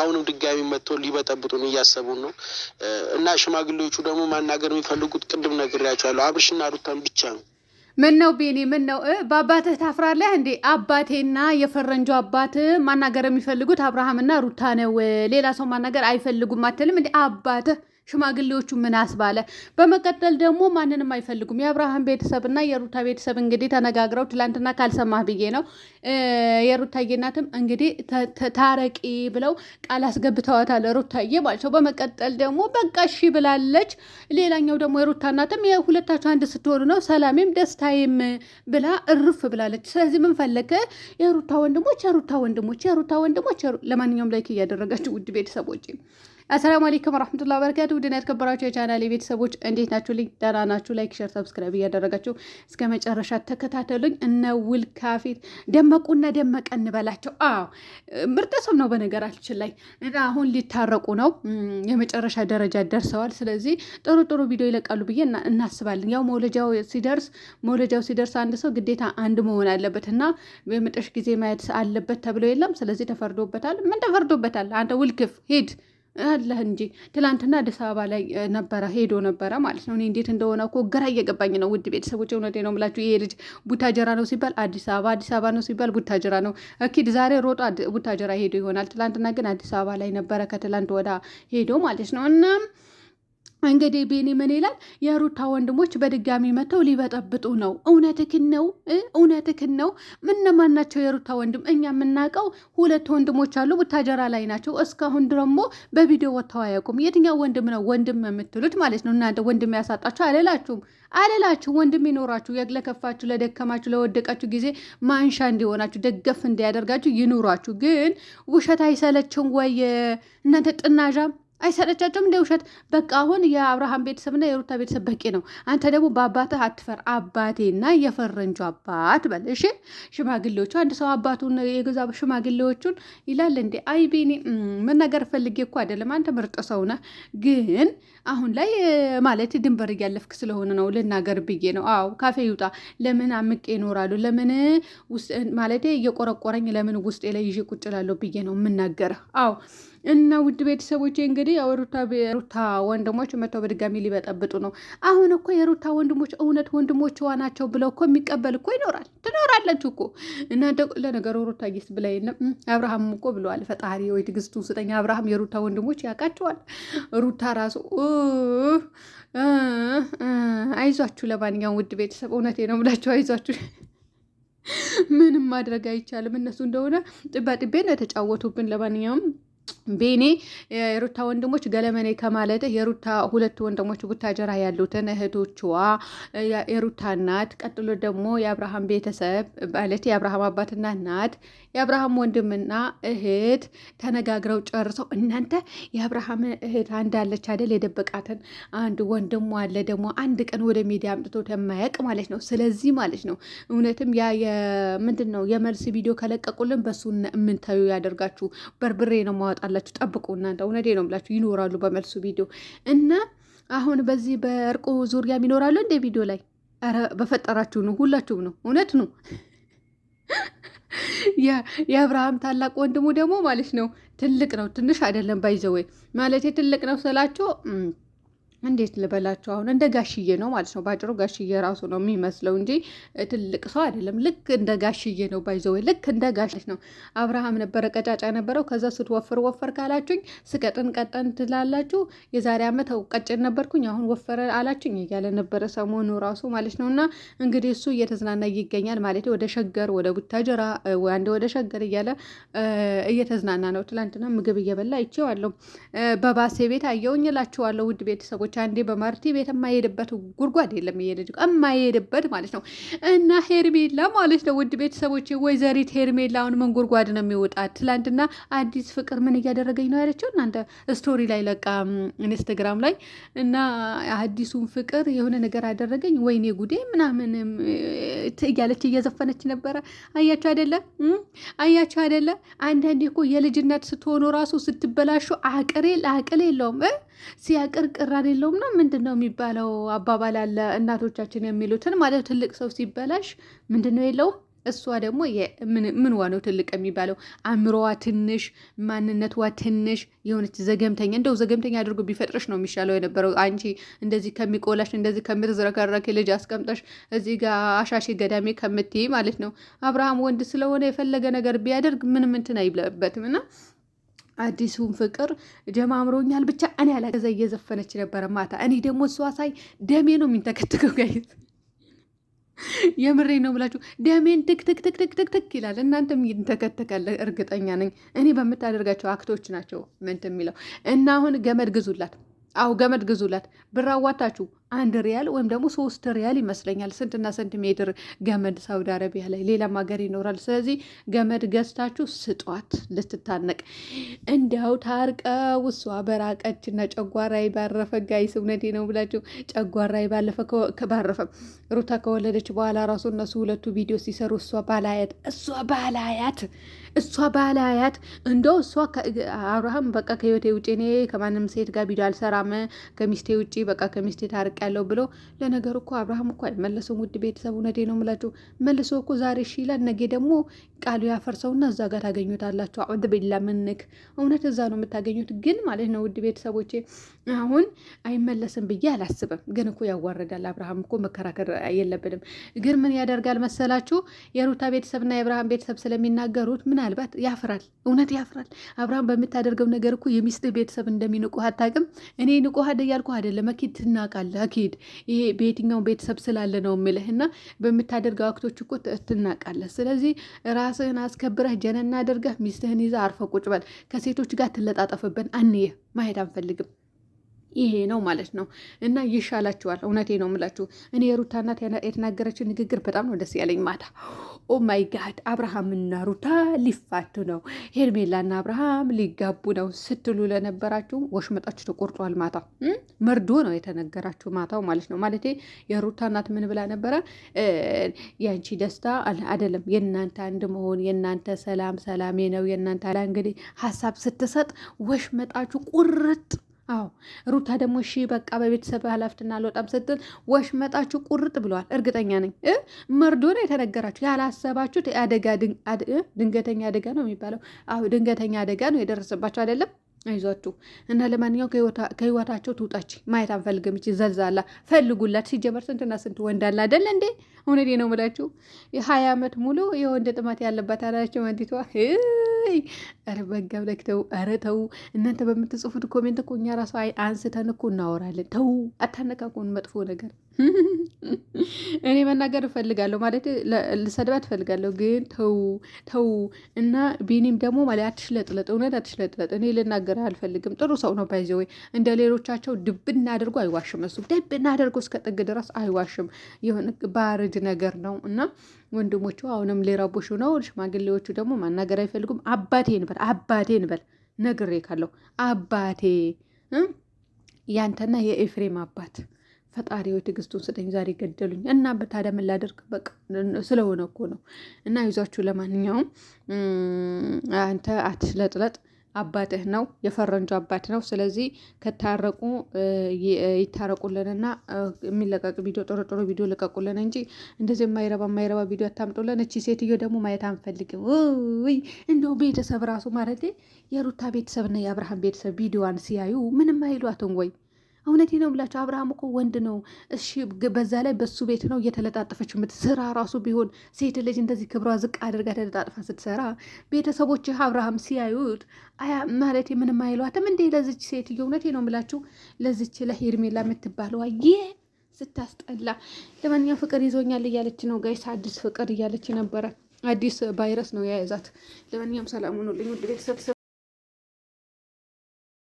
አሁንም ድጋሚ መጥቶ ሊበጠብጡን እያሰቡን ነው እና ሽማግሌዎቹ ደግሞ ማናገር የሚፈልጉት ቅድም ነግሬያቸዋለሁ አብርሽና ሩታን ብቻ ነው። ምን ነው ቤኔ፣ ምን ነው በአባትህ ታፍራለህ እንዴ? አባቴና የፈረንጆ አባት ማናገር የሚፈልጉት አብርሃምና ሩታ ነው። ሌላ ሰው ማናገር አይፈልጉም አትልም እንዴ አባትህ ሽማግሌዎቹ ምን አስባለ። በመቀጠል ደግሞ ማንንም አይፈልጉም። የአብርሃም ቤተሰብና የሩታ ቤተሰብ እንግዲህ ተነጋግረው ትላንትና ካልሰማህ ብዬ ነው የሩታዬ እናትም እንግዲህ ታረቂ ብለው ቃል አስገብተዋታል ሩታዬ ማለት በመቀጠል ደግሞ በቃ እሺ ብላለች። ሌላኛው ደግሞ የሩታ እናትም የሁለታቸው አንድ ስትሆኑ ነው ሰላሜም ደስታዬም ብላ እርፍ ብላለች። ስለዚህ ምን ፈለገ የሩታ ወንድሞች የሩታ ወንድሞች የሩታ ወንድሞች ለማንኛውም ላይክ እያደረጋችሁ ውድ ቤተሰቦች አሰላሙ አለይኩም ወራህመቱላሂ ወበረካቱ። ውድና የተከበራችሁ የቻናል ቤተሰቦች እንዴት ናችሁ? ልኝ ደህና ናችሁ? ላይክ፣ ሼር፣ ሰብስክራይብ እያደረጋችሁ እስከ መጨረሻ ተከታተሉኝ። እነ ውል ካፌት ደመቁና ደመቀ እንበላቸው። አዎ ምርጥ ሰው ነው። በነገራችን ላይ አሁን ሊታረቁ ነው፣ የመጨረሻ ደረጃ ደርሰዋል። ስለዚህ ጥሩ ጥሩ ቪዲዮ ይለቃሉ ብዬ እናስባለን። ያው መውለጃው ሲደርስ መውለጃው ሲደርስ አንድ ሰው ግዴታ አንድ መሆን አለበት እና በምጥሽ ጊዜ ማየት አለበት ተብሎ የለም። ስለዚህ ተፈርዶበታል። ምን ተፈርዶበታል? አንተ ውልክፍ ሂድ አለህ እንጂ ትላንትና አዲስ አበባ ላይ ነበረ ሄዶ ነበረ ማለት ነው። እኔ እንዴት እንደሆነ እኮ ግራ እየገባኝ ነው። ውድ ቤተሰቦች እውነቴ ነው የምላችሁ። ይሄ ልጅ ቡታጀራ ነው ሲባል አዲስ አበባ፣ አዲስ አበባ ነው ሲባል ቡታጀራ ነው። እኪድ ዛሬ ሮጦ ቡታጀራ ሄዶ ይሆናል። ትላንትና ግን አዲስ አበባ ላይ ነበረ ከትላንት ወዳ ሄዶ ማለት ነው እና እንግዲህ ቤኒ ምን ይላል? የሩታ ወንድሞች በድጋሚ መጥተው ሊበጠብጡ ነው። እውነትክን ነው፣ እውነትክን ነው። እነማን ናቸው የሩታ ወንድም? እኛ የምናውቀው ሁለት ወንድሞች አሉ፣ ቡታጀራ ላይ ናቸው። እስካሁን ደግሞ በቪዲዮ ወጥተው አያውቁም። የትኛው ወንድም ነው ወንድም የምትሉት ማለት ነው? እናንተ ወንድም ያሳጣችሁ አልላችሁም፣ አልላችሁ ወንድም ይኖራችሁ፣ ለከፋችሁ፣ ለደከማችሁ፣ ለወደቃችሁ ጊዜ ማንሻ እንዲሆናችሁ፣ ደገፍ እንዲያደርጋችሁ ይኑራችሁ። ግን ውሸት አይሰለችም ወይ እናንተ ጥናዣም አይሰለቻቸውም? እንደ ውሸት በቃ አሁን የአብርሃም ቤተሰብና የሩታ ቤተሰብ በቂ ነው። አንተ ደግሞ በአባትህ አትፈር። አባቴና የፈረንጁ አባት በል እሺ። ሽማግሌዎቹ አንድ ሰው አባቱን የገዛ ሽማግሌዎቹን ይላል እንዴ? አይ ቢኒ መናገር ፈልጌ እኮ አይደለም። አንተ ምርጥ ሰው ነህ፣ ግን አሁን ላይ ማለት ድንበር እያለፍክ ስለሆነ ነው ልናገር ብዬ ነው። አዎ ካፌ ይውጣ። ለምን አምቄ ይኖራሉ? ለምን ማለት እየቆረቆረኝ ለምን ውስጤ ላይ ይዤ ቁጭ እላለሁ ብዬ ነው የምናገር። አዎ እና ውድ ቤተሰቦች እንግዲህ ሩታ ወንድሞች መተው በድጋሚ ሊበጠብጡ ነው። አሁን እኮ የሩታ ወንድሞች እውነት ወንድሞች ናቸው ብለው እኮ የሚቀበል እኮ ይኖራል። ትኖራለች እኮ እናንተ። ለነገሩ ሩታ ጊስ ብላ የለም አብርሃም እኮ ብለዋል። ፈጣሪ ወይ ትግስቱ ስጠኝ። አብርሃም የሩታ ወንድሞች ያውቃቸዋል። ሩታ ራሱ አይዟችሁ። ለማንኛውም ውድ ቤተሰብ እውነቴ ነው የምላችሁ አይዟችሁ። ምንም ማድረግ አይቻልም። እነሱ እንደሆነ ጥባጥቤ ነው የተጫወቱብን። ለማንኛውም ቤኔ የሩታ ወንድሞች ገለመኔ ከማለት የሩታ ሁለት ወንድሞች ቡታጀራ ያሉትን እህቶቿ የሩታ እናት፣ ቀጥሎ ደግሞ የአብርሃም ቤተሰብ ማለት የአብርሃም አባትና እናት፣ የአብርሃም ወንድምና እህት ተነጋግረው ጨርሰው እናንተ የአብርሃም እህት አንዳለች አይደል የደበቃትን አንድ ወንድሞ አለ ደግሞ አንድ ቀን ወደ ሚዲያ አምጥቶ የማያውቅ ማለት ነው። ስለዚህ ማለት ነው እውነትም ያ የምንድን ነው የመልስ ቪዲዮ ከለቀቁልን በሱ የምንታዩ ያደርጋችሁ። በርብሬ ነው ማወጣል ትኖራላችሁ። ጠብቁ እናንተ እውነዴ ነው ብላችሁ ይኖራሉ በመልሱ ቪዲዮ እና አሁን በዚህ በእርቁ ዙሪያ ይኖራሉ እንደ ቪዲዮ ላይ ኧረ በፈጠራችሁ ነው ሁላችሁም ነው እውነት ነው። የአብርሃም ታላቅ ወንድሙ ደግሞ ማለት ነው ትልቅ ነው ትንሽ አይደለም። ባይዘወይ ማለት ትልቅ ነው ስላቸው እንዴት ልበላቸው አሁን እንደ ጋሽዬ ነው ማለት ነው። ባጭሩ ጋሽዬ ራሱ ነው የሚመስለው እንጂ ትልቅ ሰው አይደለም። ልክ እንደ ጋሽዬ ነው ባይዘወ ልክ እንደ ጋሽ ነው። አብርሃም ነበረ ቀጫጫ ነበረው። ከዛ ስትወፍር ወፈር ካላችሁኝ ስቀጥን ቀጠን ትላላችሁ። የዛሬ ዓመት ቀጭን ነበርኩኝ አሁን ወፈረ አላችሁኝ እያለ ነበረ ሰሞኑ ራሱ ማለት ነው። እና እንግዲህ እሱ እየተዝናና ይገኛል ማለት ወደ ሸገር ወደ ቡታጀራ አንድ ወደ ሸገር እያለ እየተዝናና ነው። ትላንትና ምግብ እየበላ አይቼዋለሁ። በባሴ ቤት አየውኝ እላችኋለሁ ውድ ቤተሰቦች ልጆች አንዴ በማርቲ ቤት የማይሄድበት ጉድጓድ የለም፣ እየልጅ የማይሄድበት ማለት ነው። እና ሄርሜላ ማለት ነው ውድ ቤተሰቦች፣ ወይዘሪት ሄርሜላ አሁን ምን ጉድጓድ ነው የሚወጣት? ትላንትና አዲስ ፍቅር ምን እያደረገኝ ነው ያለችው እናንተ ስቶሪ ላይ ለቃ ኢንስታግራም ላይ እና አዲሱን ፍቅር የሆነ ነገር አደረገኝ፣ ወይኔ ጉዴ ምናምን እያለች እየዘፈነች ነበረ። አያችሁ አይደለ? አያችሁ አይደለ? አንዳንዴ እኮ የልጅነት ስትሆኑ ራሱ ስትበላሹ አቅሬ ለአቅል የለውም ሲያቅር ቅራን የለውም ነው ምንድን ነው የሚባለው አባባል አለ እናቶቻችን የሚሉትን ማለት ትልቅ ሰው ሲበላሽ ምንድን ነው የለውም እሷ ደግሞ ምንዋ ነው ትልቅ የሚባለው? አእምሮዋ ትንሽ፣ ማንነትዋ ትንሽ የሆነች ዘገምተኛ፣ እንደው ዘገምተኛ አድርጎ ቢፈጥርሽ ነው የሚሻለው የነበረው። አንቺ እንደዚህ ከሚቆላሽ እንደዚህ ከምትዝረከረክ ልጅ አስቀምጠሽ እዚህ ጋር አሻሺ ገዳሚ ከምትይ ማለት ነው። አብርሃም ወንድ ስለሆነ የፈለገ ነገር ቢያደርግ ምንም እንትን አይብለበትም እና አዲሱን ፍቅር ጀማምሮኛል ብቻ እኔ ያላ እየዘፈነች ነበረ ማታ። እኔ ደግሞ እሷ ሳይ ደሜ ነው የሚንተከትከው ጋይዝ የምሬ ነው ብላችሁ ደሜን ትክ ትክ ትክ ትክ ትክ ይላል። እናንተም ይንተከተካል እርግጠኛ ነኝ። እኔ በምታደርጋቸው አክቶች ናቸው ምንት የሚለው እና አሁን ገመድ ግዙላት። አሁ ገመድ ግዙላት። ብር አዋታችሁ አንድ ሪያል ወይም ደግሞ ሶስት ሪያል ይመስለኛል ስንትና ሴንቲሜትር ገመድ ሳውዲ አረቢያ ላይ ሌላም ሀገር ይኖራል። ስለዚህ ገመድ ገዝታችሁ ስጧት ልትታነቅ። እንዲያው ታርቀው እሷ በራቀች እና ጨጓራይ ባረፈ ጋይስ፣ እውነቴ ነው ብላችሁ ጨጓራይ ባለፈ ባረፈ ሩታ ከወለደች በኋላ ራሱ እነሱ ሁለቱ ቪዲዮ ሲሰሩ እሷ ባላያት እሷ ባላያት እሷ ባላያት እንደው እሷ አብርሃም በቃ ከህይወቴ ውጭ እኔ ከማንም ሴት ጋር ቪዲዮ አልሰራም ከሚስቴ ውጭ በቃ ከሚስቴ ታርቅ ሀቅ ያለው ብሎ ለነገሩ እኮ አብርሃም እኮ አይመለሰውም። ውድ ቤተሰብ ነዴ ነው የምላችሁ። መልሶ እኮ ዛሬ እሺ ይላል፣ ነገ ደግሞ ቃሉ ያፈርሰውና እዛ ጋር ታገኙታላችሁ። አዑድ ቢላ ምንክ እውነት እዛ ነው የምታገኙት። ግን ማለት ነው ውድ ቤተሰቦቼ አሁን አይመለስም ብዬ አላስብም። ግን እኮ ያዋረዳል። አብርሃም እኮ መከራከር የለብንም። ግን ምን ያደርጋል መሰላችሁ የሩታ ቤተሰብና የአብርሃም ቤተሰብ ስለሚናገሩት ምናልባት ያፍራል። እውነት ያፍራል። አብርሃም በምታደርገው ነገር እኮ የሚስትህ ቤተሰብ እንደሚንቁህ አታውቅም። እኔ ንቁህ እያልኩህ አይደለም መኪት ትናቃለህ አኪድ ይሄ በየትኛው ቤተሰብ ስላለ ነው የምልህ። እና በምታደርገው አክቶች እኮ ትናቃለህ። ስለዚህ ራስህን አስከብረህ ጀነና አድርገህ ሚስትህን ይዘህ አርፈህ ቁጭ በል። ከሴቶች ጋር ትለጣጠፍብን አንየ ማሄድ አንፈልግም። ይሄ ነው ማለት ነው። እና ይሻላችኋል። እውነቴ ነው የምላችሁ። እኔ የሩታ እናት የተናገረችው ንግግር በጣም ነው ደስ ያለኝ። ማታ ኦ ማይ ጋድ አብርሃምና ሩታ ሊፋቱ ነው፣ ሄርሜላና አብርሃም ሊጋቡ ነው ስትሉ ለነበራችሁ ወሽመጣችሁ ተቆርጧል። ማታ መርዶ ነው የተነገራችሁ ማታው ማለት ነው። ማለቴ የሩታ እናት ምን ብላ ነበረ? ያንቺ ደስታ አይደለም የእናንተ አንድ መሆን የእናንተ ሰላም ሰላሜ ነው የእናንተ እንግዲህ ሀሳብ ስትሰጥ ወሽመጣችሁ ቁርጥ አዎ ሩታ ደግሞ እሺ በቃ በቤተሰብ ኃላፊትና አልወጣም ስትል ወሽመጣችሁ ቁርጥ ብለዋል። እርግጠኛ ነኝ መርዶ ነው የተነገራችሁ። ያላሰባችሁት አደጋ ድንገተኛ አደጋ ነው የሚባለው። አዎ ድንገተኛ አደጋ ነው የደረሰባቸው አይደለም። አይዟችሁ እና ለማንኛውም ከህይወታቸው ትውጣች። ማየት አንፈልግም። ይች ዘልዛላ ፈልጉላት። ሲጀመር ስንትና ስንት ወንድ አለ አይደል እንዴ? እውነቴ ነው የምላችሁ። የሀያ ዓመት ሙሉ የወንድ ጥማት ያለባት አላቸው አንዲቷ። ኧረ በጋብ ተው፣ ኧረ ተው እናንተ። በምትጽፉት ኮሜንት እኮ እኛ ራሱ አንስተን እኮ እናወራለን። ተው፣ አታነቃቁን መጥፎ ነገር እኔ መናገር እፈልጋለሁ ማለት ልሰድባት እፈልጋለሁ፣ ግን ተው ተው እና ቢኒም ደግሞ ማለት አትሽለጥለጥ፣ እውነት አትሽለጥለጥ። እኔ ልናገር አልፈልግም። ጥሩ ሰው ነው ባይዘ ወይ እንደ ሌሎቻቸው ድብ እናደርጉ አይዋሽም። እሱ ድብ እናደርጉ እስከ ጥግ ድረስ አይዋሽም። የሆነ ባርድ ነገር ነው እና ወንድሞቹ አሁንም ሊረቡሽ ነው። ሽማግሌዎቹ ደግሞ ማናገር አይፈልጉም። አባቴ ንበል አባቴ ንበል ነግሬ ካለው አባቴ ያንተና የኤፍሬም አባት ፈጣሪው ትዕግስቱን ስጠኝ፣ ዛሬ ገደሉኝ እና በታዲያ ምን ላደርግ በቃ ስለሆነ እኮ ነው። እና ይዟችሁ ለማንኛውም አንተ አትለጥለጥ አባትህ ነው የፈረንጁ አባት ነው። ስለዚህ ከታረቁ ይታረቁልንና የሚለቀቅ ቪዲዮ ጥሩ ጥሩ ቪዲዮ ልቀቁልን እንጂ እንደዚህ የማይረባ የማይረባ ቪዲዮ አታምጡልን። እቺ ሴትዮ ደግሞ ማየት አንፈልግም። ውይ እንደው ቤተሰብ ራሱ ማለት የሩታ ቤተሰብና የአብርሃም ቤተሰብ ቪዲዮዋን ሲያዩ ምንም አይሏትም ወይ? እውነቴ ነው ብላችሁ አብርሃም እኮ ወንድ ነው። እሺ በዛ ላይ በሱ ቤት ነው እየተለጣጠፈች የምትሰራ ራሱ ቢሆን ሴት ልጅ እንደዚህ ክብሯ ዝቅ አድርጋ ተለጣጥፋ ስትሰራ ቤተሰቦች አብርሃም ሲያዩት አያ ማለት ምንም አይሏትም እንዴ? ለዚች ሴትዮ እውነቴ ነው ብላችሁ ለዚች ለሄርሜላ የምትባለዋ ይሄ ስታስጠላ። ለማንኛው ፍቅር ይዞኛል እያለች ነው ጋይስ፣ አዲስ ፍቅር እያለች ነበረ። አዲስ ቫይረስ ነው የያዛት። ለማንኛውም ሰላም ሆኖልኝ ውድ ቤተሰብ